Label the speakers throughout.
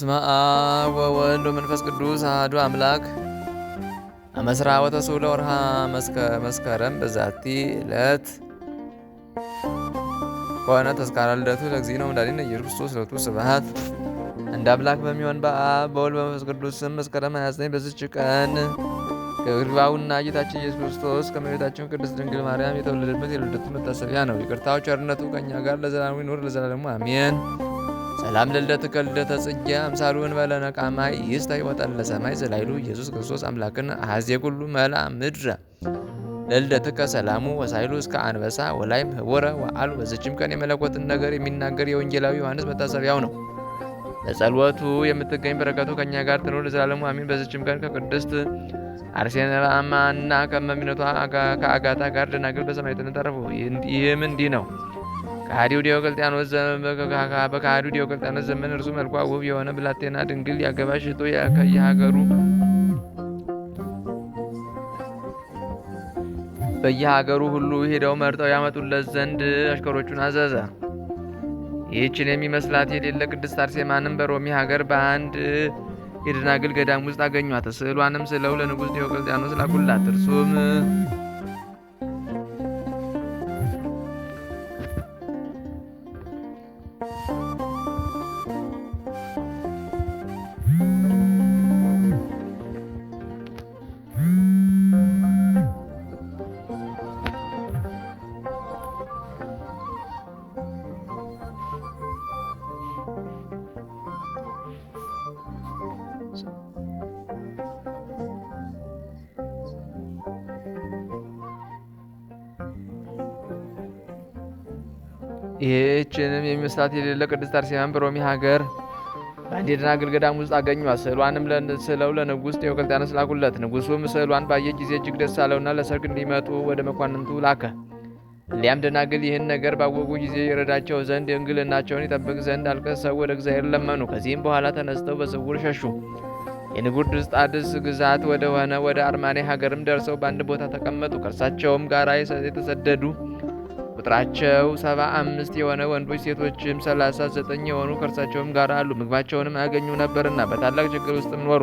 Speaker 1: ስማ ወወልድ ወመንፈስ ቅዱስ አዱ አምላክ አመስራ ወተሱ ለወርሃ መስከረም በዛቲ ዕለት ከሆነ ተስካረ ልደቱ ለእግዚእነ ነው ኢየሱስ ክርስቶስ ለቱ ስብሐት እንደ አምላክ በሚሆን በአብ በወልድ በመንፈስ ቅዱስ ስም መስከረም 29 በዚች ቀን ከግባውና ጌታችን ኢየሱስ ክርስቶስ ከእመቤታችን ቅድስት ድንግል ማርያም የተወለደበት የልደቱ መታሰቢያ ነው። ይቅርታው ቸርነቱ ከእኛ ጋር ለዘላለሙ ይኑር ለዘላለሙ አሜን። ሰላም ለልደት ልደተ ጽጌ አምሳሉ እንበለ ነቃማይ ይስተ ሕይወተነ ለሰማይ ዘላይሉ ኢየሱስ ክርስቶስ አምላክን አኀዜ ኩሉ መላ ምድረ ለልደትከ ሰላሙ ወሳይሉ እስከ አንበሳ ወላይም ህቡረ ወአሉ። በዚችም ቀን የመለኮትን ነገር የሚናገር የወንጌላዊ ዮሐንስ መታሰቢያው ነው። በጸሎቱ የምትገኝ በረከቱ ከእኛ ጋር ትኑር ለዘላለሙ አሚን። በዚችም ቀን ከቅድስት አርሴማና ከመሚነቷ ከአጋታ ጋር ደናግል በሰማዕትነት አረፉ። ይህም እንዲህ ነው። ከሃዲው ዲዮቅልጥያኖስ በከሃዲው ዲዮቅልጥያኖስ ዘመን እርሱ መልኳ ውብ የሆነ ብላቴና ድንግል ያገባሽ ሽቶ በየሀገሩ ሁሉ ሄደው መርጠው ያመጡለት ዘንድ አሽከሮቹን አዘዘ። ይህችን የሚመስላት የሌለ ቅድስት አርሴማንም በሮሚ ሀገር በአንድ የደናግል ገዳም ውስጥ አገኟት። ስዕሏንም ስለው ለንጉሥ ዲዮቅልጥያኖስ ላኩላት። እርሱም ይህችንም የሚመስላት የሌለ ቅድስት አርሴማን በሮሚ ሀገር በአንድ የደናግል ገዳም ውስጥ አገኟት። ስዕሏንም ስለው ለንጉሥ ዲዮቅልጥያኖስ ላኩለት። ንጉሱም ስዕሏን ባየ ጊዜ እጅግ ደስ አለውና ለሰርግ እንዲመጡ ወደ መኳንንቱ ላከ። ሊያም ደናግል ይህን ነገር ባወቁ ጊዜ ይረዳቸው ዘንድ እንግልናቸውን ይጠብቅ ዘንድ ሰው ወደ እግዚአብሔር ለመኑ። ከዚህም በኋላ ተነስተው በስውር ሸሹ። የንጉር ድስጣድስ ግዛት ወደ ሆነ ወደ አርማኔ ሀገርም ደርሰው በአንድ ቦታ ተቀመጡ። ከእርሳቸውም ጋር የተሰደዱ ቁጥራቸው ሰባ አምስት የሆነ ወንዶች ሴቶችም ሰላሳ ዘጠኝ የሆኑ ከእርሳቸውም ጋር አሉ። ምግባቸውንም አያገኙ ነበርና በታላቅ ችግር ውስጥም ኖሩ።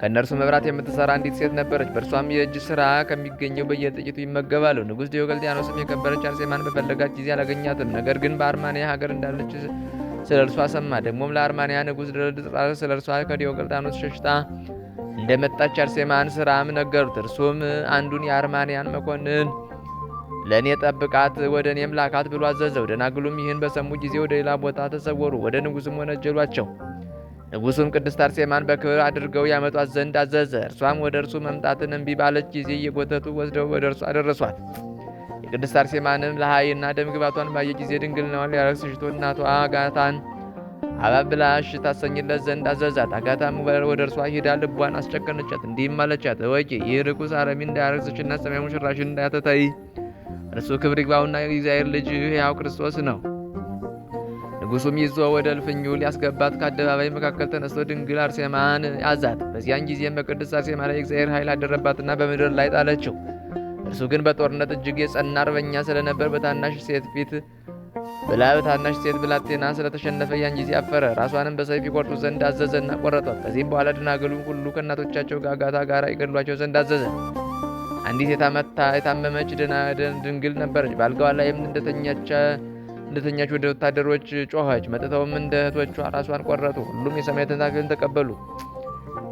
Speaker 1: ከእነርሱ መብራት የምትሰራ አንዲት ሴት ነበረች። በእርሷም የእጅ ስራ ከሚገኘው በየጥቂቱ ይመገባሉ። ንጉሥ ዲዮቅልጥያኖስም የከበረች አርሴማን በፈለጋት ጊዜ አላገኛትም። ነገር ግን በአርማንያ ሀገር እንዳለች ስለ እርሷ ሰማ። ደግሞም ለአርማንያ ንጉሥ ድርድጥራር ስለ እርሷ ከዲዮቅልጥያኖስ ሸሽታ እንደመጣች አርሴማን ስራም ነገሩት። እርሱም አንዱን የአርማንያን መኮንን ለእኔ ጠብቃት ወደ እኔም ላካት ብሎ አዘዘው። ደናግሉም ይህን በሰሙ ጊዜ ወደ ሌላ ቦታ ተሰወሩ። ወደ ንጉሥም ወነጀሏቸው። ንጉሱም ቅድስት አርሴማን በክብር አድርገው ያመጧት ዘንድ አዘዘ። እርሷም ወደ እርሱ መምጣትን እምቢ ባለች ጊዜ እየጎተቱ ወስደው ወደ እርሱ አደረሷት። የቅድስት አርሴማንም ለሀይና ደምግባቷን ባየ ጊዜ ድንግልናዋን ሊያረክስ ሽቶ እናቷ አጋታን አባብላሽ ታሰኝለት ዘንድ አዘዛት። አጋታም ወደ እርሷ ሂዳ ልቧን አስጨከነቻት፣ እንዲህም አለቻት፦ እወቂ ይህ ርኩስ አረሚ እንዳያረክስሽና ሰማያዊ ሙሽራሽን እንዳያተታይ እርሱ ክብር ይግባውና የእግዚአብሔር ልጅ ሕያው ክርስቶስ ነው። ንጉሱም ይዞ ወደ እልፍኙ ሊያስገባት ከአደባባይ መካከል ተነስቶ ድንግል አርሴማን ያዛት። በዚያን ጊዜም በቅድስት አርሴማ ላይ የእግዚአብሔር ኃይል አደረባትና በምድር ላይ ጣለችው። እርሱ ግን በጦርነት እጅግ የጸና አርበኛ ስለነበር በታናሽ ሴት ፊት ብላ በታናሽ ሴት ብላቴና ስለተሸነፈ ያን ጊዜ አፈረ። ራሷንም በሰይፍ ይቆርጡ ዘንድ አዘዘና ቆረጧት። ከዚህም በኋላ ደናግሉን ሁሉ ከእናቶቻቸው ጋጋታ ጋር ይገድሏቸው ዘንድ አዘዘ። አንዲት የታመመች ድንግል ነበረች። በአልጋዋ ላይም እንደተኛች ወደ ወታደሮች ጮኸች። መጥተውም እንደ እህቶቿ ራሷን ቆረጡ። ሁሉም የሰማዕትነት አክሊልን ተቀበሉ።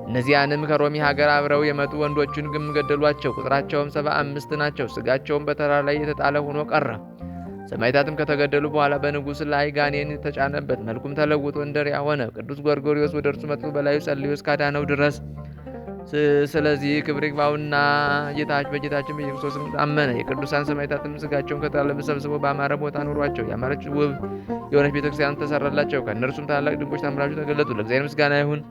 Speaker 1: እነዚያንም ከሮሚ ሀገር አብረው የመጡ ወንዶችን ግን ገደሏቸው። ቁጥራቸውም ሰባ አምስት ናቸው። ስጋቸውም በተራራ ላይ የተጣለ ሆኖ ቀረ። ሰማዕታትም ከተገደሉ በኋላ በንጉሥ ላይ ጋኔን ተጫነበት። መልኩም ተለውጦ እንደሪያ ሆነ። ቅዱስ ጎርጎሪዎስ ወደ እርሱ መጥቶ በላዩ ጸልዮ እስካዳነው ድረስ ስለዚህ ክብር ይግባውና ጌታች በጌታችን በኢየሱስ ክርስቶስም አመነ። የቅዱሳን ሰማዕታትም ስጋቸውን ከታለበ ሰብስበው በአማረ ቦታ ኖሯቸው። ያማረች ውብ የሆነች ቤተክርስቲያን ተሰራላቸው። ከእነርሱም ታላላቅ ድንቆች ታምራቸው ተገለጡ። ለእግዚአብሔር ምስጋና ይሁን።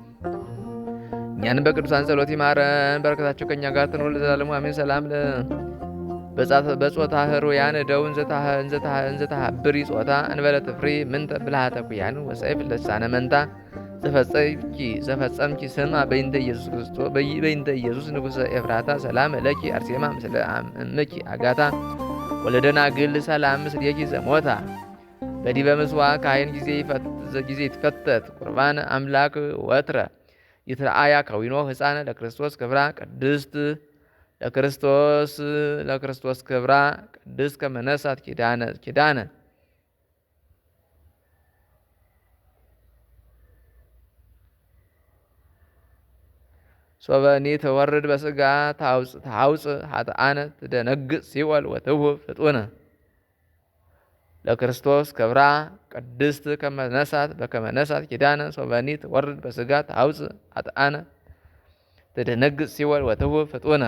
Speaker 1: እኛንም በቅዱሳን ጸሎት ይማረን። በረከታቸው ከእኛ ጋር ትኖር ለዘላለሙ አሜን። ሰላም በጾታ ያን እደው እንዘታብሪ ጾታ እንበለ ጥፍሪ ምንተ ብልሃተ ኩያን ወሰይፍ ለሳነ መንታ ዘፈጸምኪ ዘፈጸምኪ ስማ በይንተ ኢየሱስ ክርስቶስ በይንተ ኢየሱስ ንጉሰ ኤፍራታ ሰላም ለኪ አርሴማ ምስለ እምኪ አጋታ ወለደና ግል ሰላም ምስሌኪ ዘሞታ በዲ በምስዋ ካህን ጊዜ ትፈተት ቁርባን አምላክ ወትረ ይትረአያ ከዊኖ ህፃነ ለክርስቶስ ክብራ ቅድስት ለክርስቶስ ለክርስቶስ ክብራ ቅድስት ከመነሳት ኪዳነ ኪዳነ ሶበኒ ተወርድ በስጋ ታውፅ ሀጥአነ ትደነግጽ ሲወል ወትውብ ፍጡነ ለክርስቶስ ክብራ ቅድስት ከመነሳት በከመነሳት ኪዳነ ሶበኒ ተወርድ በስጋ ታውፅ ሀጥአነ ትደነግጽ ሲወል ወትውብ ፍጡነ